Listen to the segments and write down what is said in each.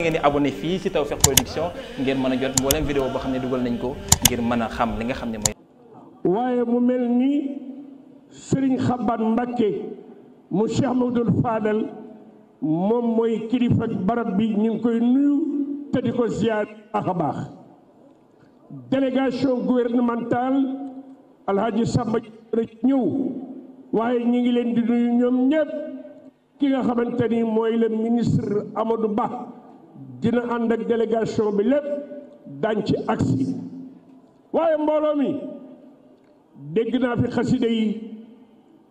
ngeen di abonné fii ci Tawfekh Production ngeen mën a jot mboolem vidéo boo xam ne dugal nañ ko ngir mën a xam li nga xam ne mooy. waaye mu mel ni Serigne Xaban Mbacke mu moom mooy kilifa barab bi ñu ngi koy nuyu te di ko ziar baax a baax délégation gouvernementale Alhaji Samba ñëw waaye ñu ngi leen di nuyu ñoom ñëpp ki nga xamante ni mooy le ministre Amadou Ba. dina ànd ak délégation bi lépp dañ ci agsi waaye mbooloo mi dégg naa fi xasida yi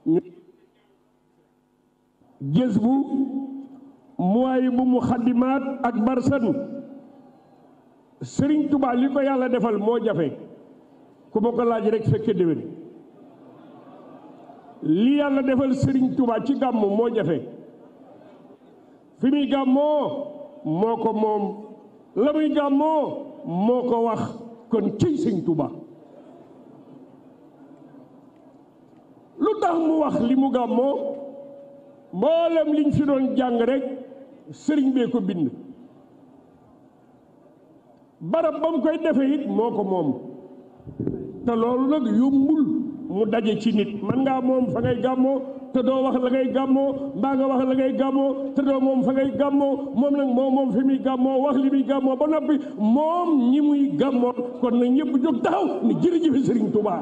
ñu gis bu mooy bu mu xaddimaat ak barsan sëriñ tubaa li ko yàlla defal moo jafe ku ma ko laaj rekk fekke déwén li yàlla defal sëriñ tubaa ci gàmm moo jafe fi muy gàmmoo moo ko moom la muy gàmmoo moo ko wax kon ciy sëñ Tuuba lu tax mu wax li mu gàmmoo mboolem liñ fi doon jàng rek sëriñ bee ko bind barab ba mu koy defe it moo ko moom te loolu nag yombul mu daje ci nit man ngaa moom fa ngay gàmmoo te doo wax la ngay gàmmoo mbaa nga wax la gàmmoo te doo moom fa ngay gàmmoo moom nag moom moom fi muy gàmmoo wax li gàmmoo ba noppi moom ñi muy gàmmoo kon na ñëpp jóg taxaw ni jërëjëf Serigne Touba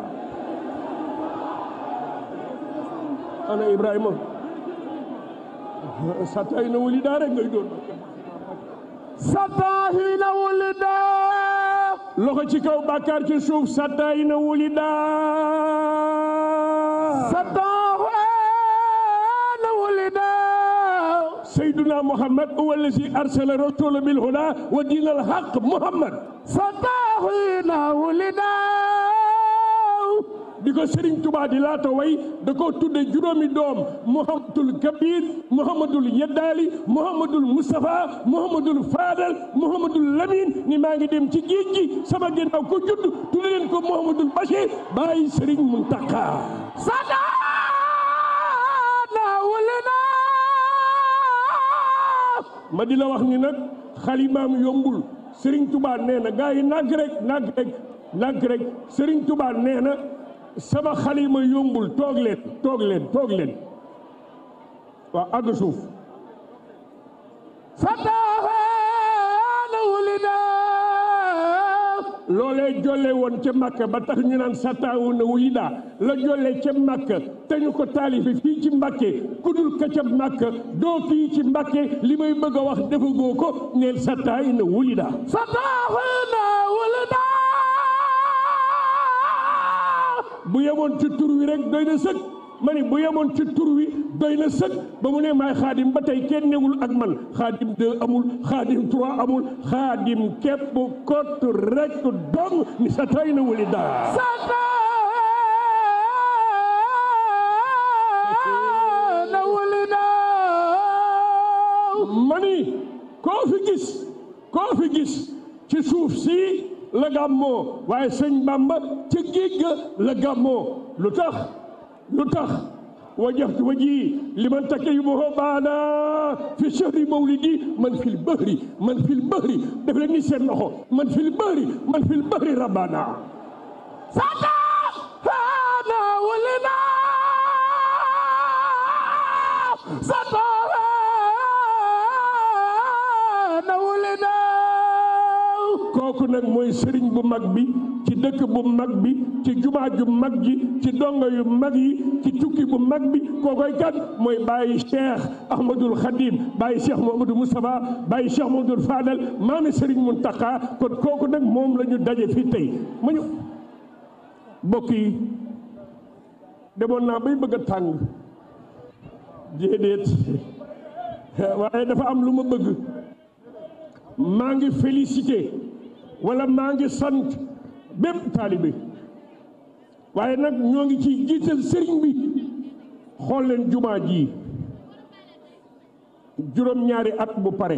ana Ibrahima sattaayi na wuli loxo ci kaw bàkkaar ci suuf sattaayi na wuli سيدنا محمد هو الذي أرسل رسول بالهدى ودين الحق محمد فتاحينا ولدا di ko Serigne Touba di laata way da koo tudde juróomi doom Mouhamadul Kabir Mouhamadul Yeddaali Mouhamadul Moustapha Mouhamadul Fadal Mouhamadul Lamine ni maa ngi dem ci géej gi sama ginnaaw ko judd tudde leen ko Mouhamadul Bachir bàyyi Serigne Mountakha. ma di wax ni nag xalimaam yombul Serigne Touba nee na gars yi nàgg rek nàgg rek nàgg rek sëriñ Touba nee na sama xalima yombul toog leen toog leen toog leen waaw àgg suuf loolee jolle woon ca Makka ba tax ñu naan sataawu na wuy daa la jolle ca Makka te ko taalife fii ci Mbàkke kudul ka ca Makka doo fii ci Mbàkke li may bëgg a wax defagoo ko neen sataayi na wuy daa sataawu na wuli daa bu yemoon ci tur wi rek doy na sëkk ma bu yemoon ci turwi doy na sëg ba mu ne maay xaadim ba tey kenn newul ak xaadim deux amul xaadim trois amul xaadim képp kott rekk dong ni sa tay na wuli daa mani koo fi gis koo fi gis ci suuf si la gàmmoo waaye sëñ Bamba ci géej la gàmmoo lu tax lu tax wajahtu waji liman takayubahu baana fi chahri mawlidi man fil bahri man fil bahri def leen ni seen loxo man fil bahri man fil bahri rabbana kooku nag mooy sëriñ bu mag bi ci dëkk bu bi ci jumaa ju mag ji ci dongo yi ci tukki bu bi kookoy mooy bàyyi cheikh ahmadul khadim bàyyi cheikh mahamadou moustapha bàyyi cheikh mahamadul fadal maami sëriñ kon kooku nag moom lañu daje fii tey ma ñu mbokk yi demoon naa bay bëgg a tàng waaye dafa am lu ma bëgg maa ngi félicité wala maa ngi sant bépp taalibe waaye nag ñoo ngi ci jiital sëriñ bi xool leen jumaa ji juróom-ñaari at bu pare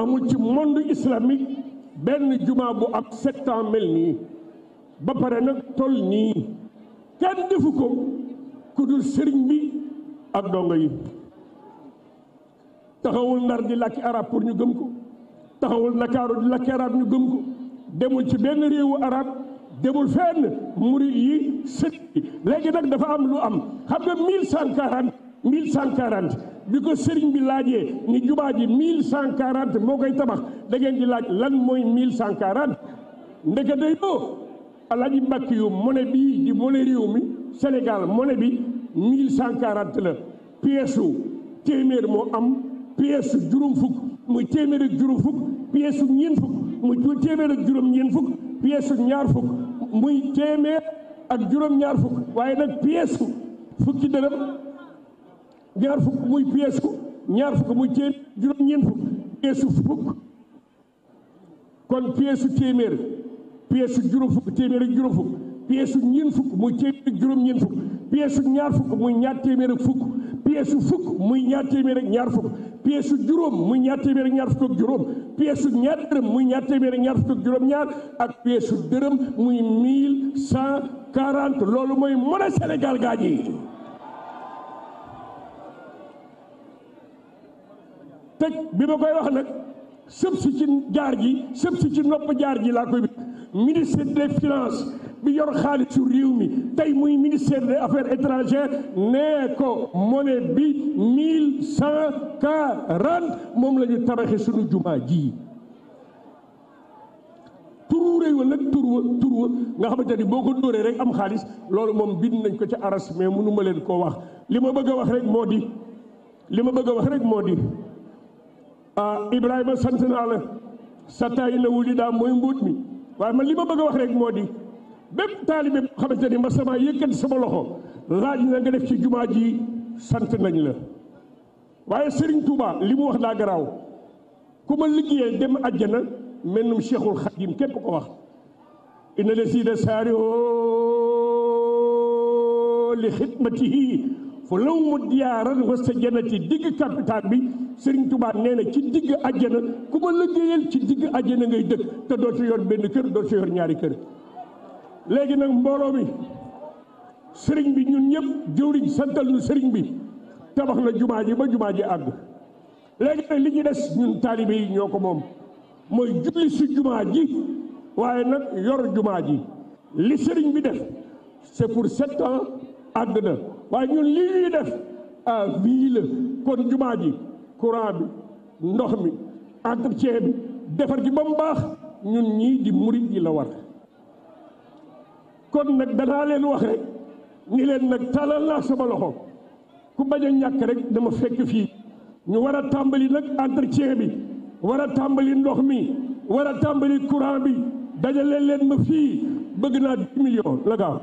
amul ci monde islamique benn jumaa bu ab sept ans mel nii ba pare nag tol nii kenn defu ko ku dul sëriñ bi ak dongo yi taxawul ndar di làkki arab pour ñu gëm ko taxawul ndakaaru di lakki arab ñu gëm ko demul ci benn réewu arab demul fenn murid yi sët yi léegi nag dafa am lu am xam nga mille cent quarante mille cent bi ko sëriñ bi laajee ni jubaa ji mille cent quarante moo koy tabax da ngeen di laaj lan mooy mille cent quarante ndeke day doo alaaji mbàkk yu monnaie bii di monnaie réew mi Sénégal mone bi mille cent quarante la pièce téeméer moo am pièce juróom fukk muy téeméer ak fukk pièce ñeent fukk muy téeméer ak juróom-ñeent fukk pièce ñaar fukk muy téeméer ak juróom-ñaar fukk waaye nag pièce fukki dërëm ñaar fukk muy pièce ñaar fukk muy téeméer juróom-ñeent fukk pièce fukk kon pièce téeméer pièce juróom fukk téeméer ak juróom fukk pièce ñeent fukk muy téeméer ak juróom-ñeent fukk pièce ñaar fukk muy ñaar téeméer ak fukk pièce fukk muy ñaar téeméer ñaar fukk pièce su juróom muy ñaar téeméer ñaar fukk ak juróom pièce ñaar dërëm muy ñaar téeméer ak ñaar fukk ak juróom-ñaar ak pièce su dërëm muy mille cent quarante loolu mooy mën a Sénégal gaa ji teg bi ma koy wax nag sëb si ci jaar ji sëb si ci nopp jaar ji laa koy bi ministre des bi yor xaalisu réew mi tey muy ministère des affaires étrangères nee ko monnaie bi mille cent quarante moom lañu ñu tabaxe suñu jumaa ji turu réew wa nag tur wa tur wa nga xamante ni boo ko dóoree rek am xaalis loolu moom bind nañ ko ci aras mais mënu leen koo wax li ma bëgg a wax rek moo di li ma bëgg wax rek moo di ah Ibrahima sant naa la sa taay la wuli daa mooy mbuut mi waaye man li ma bëgg a wax rek moo di bépp taalibe bu xamante ma mas sama yëkkati sama loxo laaj na nga def ci jumaa ji sant nañ la waaye Serigne Touba li mu wax daa garaaw ku ma liggéeyee dem àjjana mel num Cheikhul Khadim képp ko wax inna lasiina saari'oo li xidmatihi fa law mu diyaaran wasta jana ci digg capital bi Serigne Touba nee na ci digg àjjana ku ma liggéeyal ci digg àjjana ngay dëkk te doo ci yor benn kër doo ci ñaari kër léegi nag mbooloo mi sëriñ bi ñun ñëpp jëwriñ santal nu sëriñ bi tabax na jumaa ji ba jumaa ji àgg léegi nag li ci des ñun taalibe yi ñoo ko moom mooy julli si jumaa ji waaye nag yor jumaa ji li sëriñ bi def c'est pour sept ans àgg na waaye ñun li ñuy def à vie kon jumaa ji courant bi ndox mi entretien bi defar gi ba mu baax ñun ñii di murit yi la war kon nag danaa leen wax rek ni leen nag talal naa sama loxo ku bañ a ñàkk rek dama fekk fii ñu war a tàmbali nag entretien bi war a tàmbali ndox mi war a tàmbali courant bi dajale leen ma fii bëgg naa dix millions la gaaw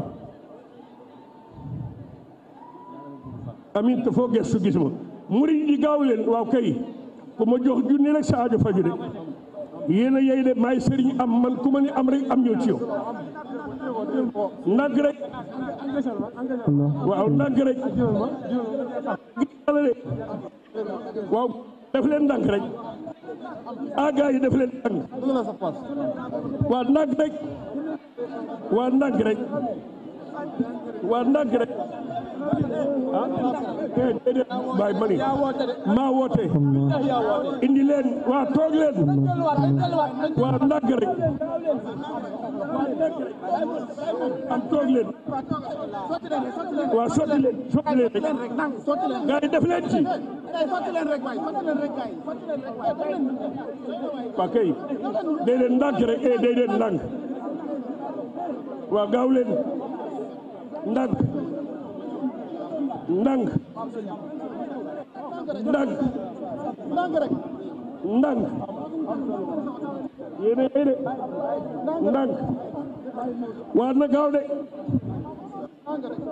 amin te foo gestu gis ma murid yi gaaw leen waaw kay ku ma jox junni rek sa aajo faju de yéen yey de maay sëriñ am man ku ma ne am rek am ñoo ci yow ndànk rek a ndànk rek waaw leen ndànk rek ah gars yi def leen ndànk waaw ndànk rek waaw ndànk rek waa ndànk rek ah déedéet baay mani maa woote indi waa toog leen waa ndànk rek am toog leen waa sotti leen sotti leen rek gars yi def leen ci waa kay déedéet ndànk rek eh, ndànk waa gaaw leen ndang ndang ndang ndang yéen de ndang waat na gaaw de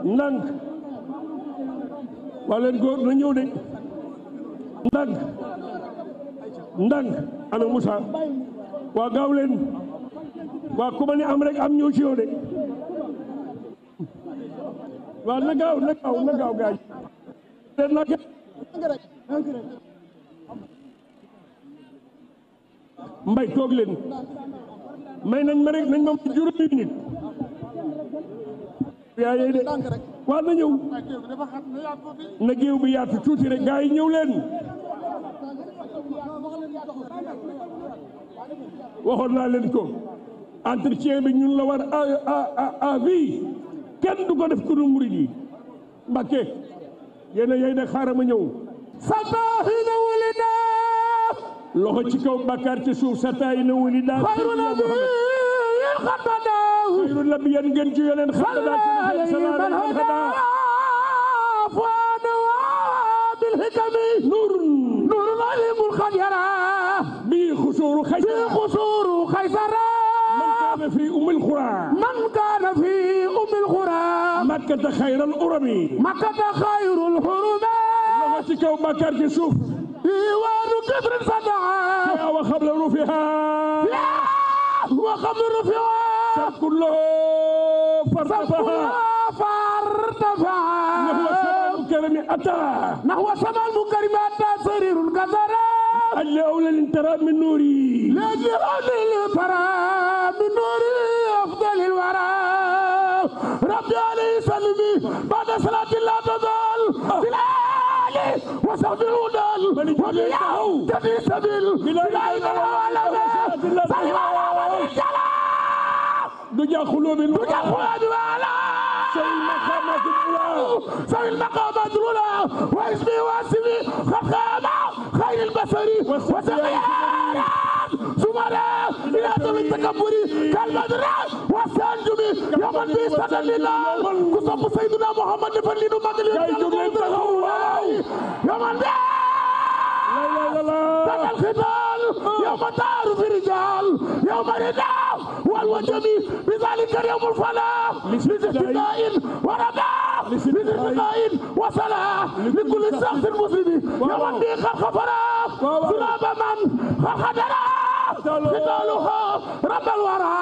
ndang waa leen góor na ñëw de ndang ndang ana Moussa waa gaaw leen waa ku ma am rek am ñëw ci yow de waa na gaaw na gaaw na gaaw gaañ na mbay toog leen may nañ ma rek nañ ma may juróomi minute yaa yey de waaw na ñëw na géew bi yaatu tuuti rek gaa yi ñëw leen waxoon naa leen ko entretien bi ñun la war à à à vie kenn du ko def ku dul murid yi Mbàkke yéena yey ne xaaral ma ñëw sataahina walida loxo ci kaw bàkkaar ci suuf sataahina walida xayru nabi yan xatada xayru nabi yan ngeen ci yoneen xatada makkata xayral urami. makkata xayrul xurumi. loxo ci kaw Bakar ci suuf. diwaanu Kébrin Fadaa. yaa wa xam la nu fi haa. yaa wa xam la nu fi haa. sakkuloo fartafa. fartafa. naxwa samal mukarimi ata. naxwa samal mukarimi ata sarirul kasara. alli awla lin tara min nuuri. léegi awla lin tara min nuuri afdalil wara. rabbi alayhi sallimi ba'da salati la tazal bil ali wa sahbihi udal wa bi yahu tabi sabil bilahi ma wala ma sahima wa wali jala du jaxulu bin du jaxulu wala سوي المقامات الأولى واسمي واسمي خد خامة خير البصري وسقيا sumare ila tawi takabburi kalmadra wasanjumi yaman bi sadalilal ku sopp sayyiduna muhammad ne fan li nu magal yaman bi sadal khital yawma taru fi rijal yawma rida wal wajmi bi zalika yawmul falah lisifdain wa rabah lisifdain wa salah li kulli shakhsin muslimi yaman bi khafara sulaba man khadara قتالها رب الورى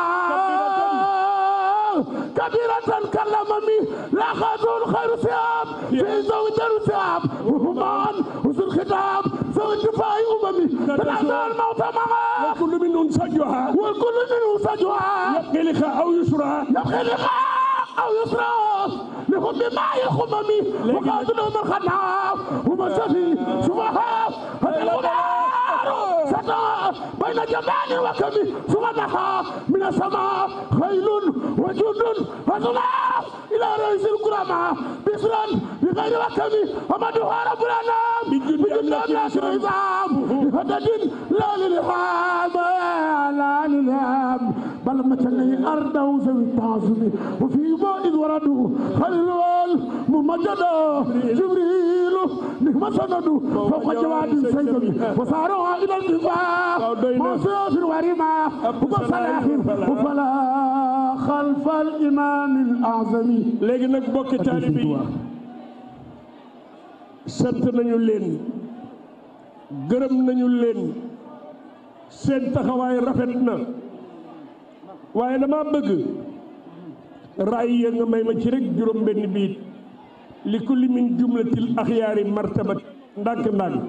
كبيرة كلم من لا خذوا الخير ثياب في زوج ثياب وهمان وسر ختام زوج دفاع أممي تنازل الموت معها والكل منهم سجوها والكل منهم سجوها يبقي لخاء أو يسرى يبقي لخاء أو يسرى لهم بماء الخمم وقاتلهم الخناف هم سفي سفهاء هذا وإلى جمال وكم ثم نحى من السماء خيل وجند وظلام إلى رئيس الكرامة بسرا بغير وكم ومدها رب الأنام بجند لا شيطان لهدد لا للحام لا للحام بل متني أرض وزوي التعصب وفي موئذ وردوا خليل ممجد جبريل nimasonadu fokojewaɗin seytoni wasaro ha ilan ɗimɓa moseosir warima ubasalahim ufala halfal imami l azami léegi nag bokki taalibi sant nañu leen gërëm nañu leen seen taxawaay rafet na waaye dama bëgg raay ya nga may ma ci rek juróom benn biit li kulli min jumlatil axyaari martabat ndànk ndànk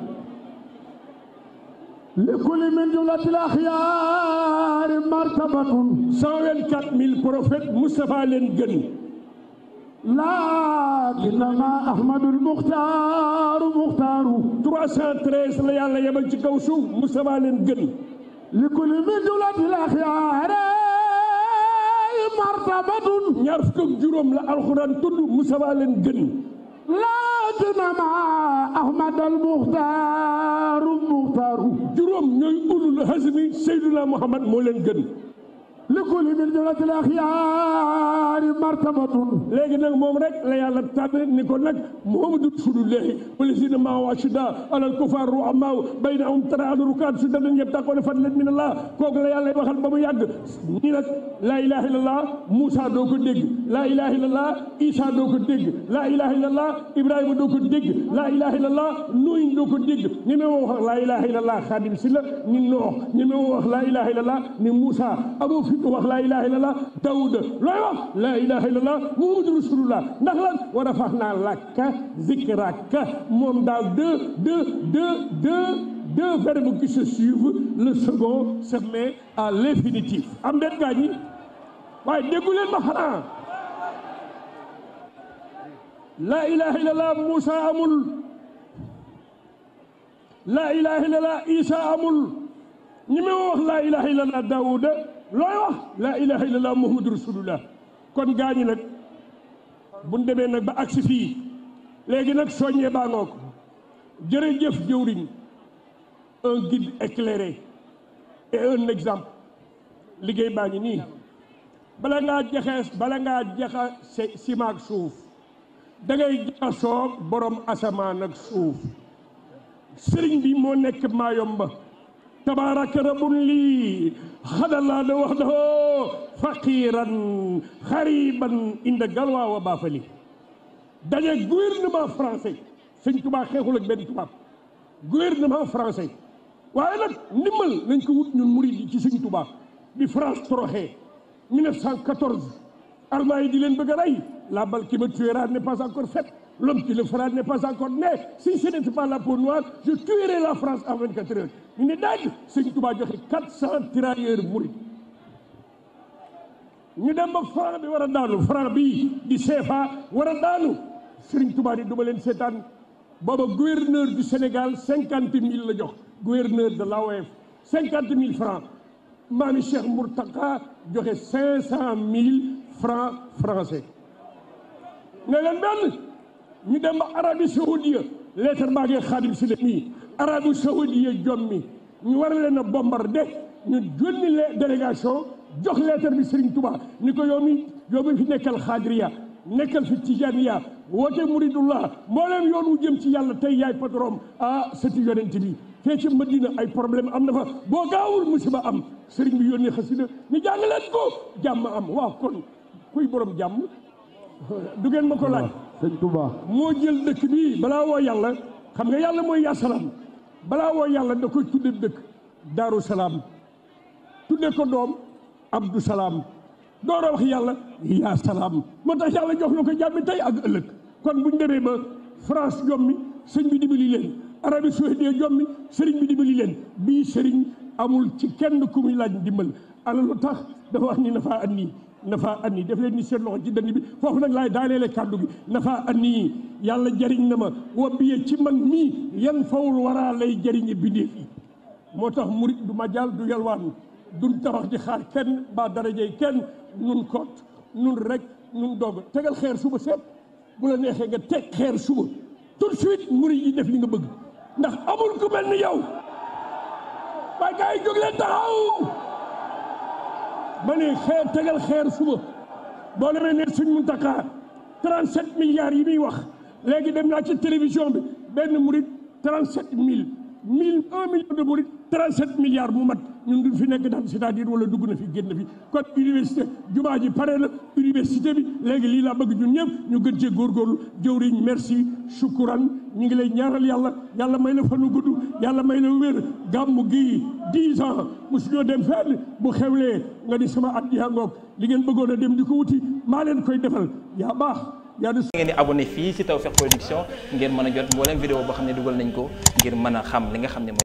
li kulli min jumlatil axyaari martabatun cent vingt-quatre mille prophètes Moustapha leen gën laakinama ahmadul muxtaaru muxtaaru trois cent treize la yàlla yebal ci kaw suuf Moustapha leen gën li kulli min jumlatil axyaari martabatun ñaar fukk ak juróom la alxuraan tudd Musaa leen gën laatinama ahmad al muxtaaru muxtaaru juróom ñooy ulul hasmi Seydina Muhammad moo leen gën li kulli min jumlatil axyaar martabatun léegi nag moom rek la yàlla tànn ni ko nag Muhammadu Rasulullahi wallazina ma'ahu ashiddaa'u alal kuffaar ruhamaa'u baynahum taraahum ruk'an sujjadan yabtaghuna fadlan min Allah kooku la yàlla waxal ba mu yàgg nii nag laa ilaaha illallah Muusaa doo ko dégg laa ilaaha illallah Isaa doo ko dégg laa ilaaha Ibrahima doo ko dégg laa ilaaha illallah Nuuh doo ko dégg ñi laa ilaaha illallah Xaadim Si la ni Nuuh ñi laa wax laa ilaha illallah dawuda looy wax laa ilaha illallah muhammadu rasulullah ndax lan wa rafax naa lakka zikraka moom daal deux deux deux deux deux qui se suivent le second se met à am déet gaa waaye déggu leen ma laa ilaha illallah Moussa amul laa ilaha illallah Isa looy wax laa ilaha illallah muhammadu rasulullah kon gaañi nag buñ demee nag ba agsi fii léegi nag soññee baa ngoo ko jërëjëf jëwriñ un guide éclairé et un exemple liggéey baa ngi nii bala ngaa jaxees bala ngaa jaxa simaak suuf da ngay jaxasoo borom asamaan suuf sëriñ bi moo nekk maayomba تبارك رب لي خدلا وحده فقيرا خريبا عند قلوى وبافلي daje gouvernement français sëñ tubaa xeexul ak benn tubaab gouvernement français waaye nag ndimbal nañ ko wut ñun murid yi ci sëñ tubaa bi France toroxee 1914 armée yi di leen bëgg a rey la balle qui me tuera n'est pas encore faite L'homme qui le fera n'est pas encore né. Si ce n'était pas la peau noire, je tuerais la France en 24 heures. ñu ne daaj Sëñ Tuubaa joxe 400 tirailleurs murit ñu dem ba franc bi war a daanu franc bii di CFA war a daanu Sëñ Tuubaa ni du ma leen seetaan booba gouverneur du Sénégal cinquante mille la jox gouverneur de l'AOF cinquante mille francs maami Cheikh Mourtaka joxe cinq cent mille francs français ñu dem ba Arabie Saoudia leetar maa ngi Xaadim si la mii Arabie Saoudia jom mi ñu war leen a bombardé ñu jonni le jox leetar bi Serigne Touba ni ko yow mi yow mi fi nekkal xaadiriya nekkal fi tijaniya woote muridullah mbooleem yoon wu jëm ci yàlla tey yaay patron ah sëti yonent bi fee ci Madina ay problème am na fa boo gaawul ma am Serigne bi yónni xasida ni jàng leen ko jàmm am waaw kon kuy borom jàmm du ngeen ma ko laaj sëñ moo jël dëkk bii balaa woo yàlla xam nga yàlla mooy yaasalaam balaa woo yàlla da ko tudde dëkk daaru salaam tudde ko doom abdou salaam door wax yàlla yaa moo tax yàlla jox na ko jàmmi tey ak ëllëg kon buñ demee ba France jommi sëñ bi dimbali leen Arabie Saoudite jommi sëriñ bi dimbali leen bii sëriñ amul ci kenn ku muy laaj dimbal ana lu tax dafa wax ni nafaa at nii nafaa at nii def leen ni seen loxo ci dënn bi foofu nag laay daaneele kàddu gi nafaa at nii yàlla jariñ na ma wabbiye ci man mii yan fawul waraa lay jariñe bindee fii moo tax murit du ma jàll du yalwaan duñ tabax di xaar kenn ba darajey kenn nun kot nun rek nun doog tegal xeer suba seet bu la neexee nga teg xeer suba tout de suite murit yi def li nga bëgg ndax amul ku mel ni yow waaye gars yi taxaw ma ne xeer tegal xeer suba boo demee ne suñ mu takkaar 37 milliards yi muy wax léegi dem naa ci télévision bi benn murit 37 mille mille un million de murit 37 bu mat ñun duñ fi nekk daan c'est-à-dire wala dugg na fi génn fi kon université jumaa ji pare na université bi léegi lii laa bëgg ñun ñëpp ñu gën cee góorgóorlu jëwriñ merci sukkuran ñu ngi lay ñaaral yàlla yàlla may la fanu gudd yàlla may la wér gàmm gi dix ans mosuñoo dem fenn bu xewlee nga di sama at yaa ngoog li ngeen bëggoon a dem di ko wuti maa leen koy defal yaa baax yaa du ngeen di abonné fii ci Tawfekh Production ngeen mën a jot mboolem vidéo boo xam ne dugal nañ ko ngir mën a xam li nga xam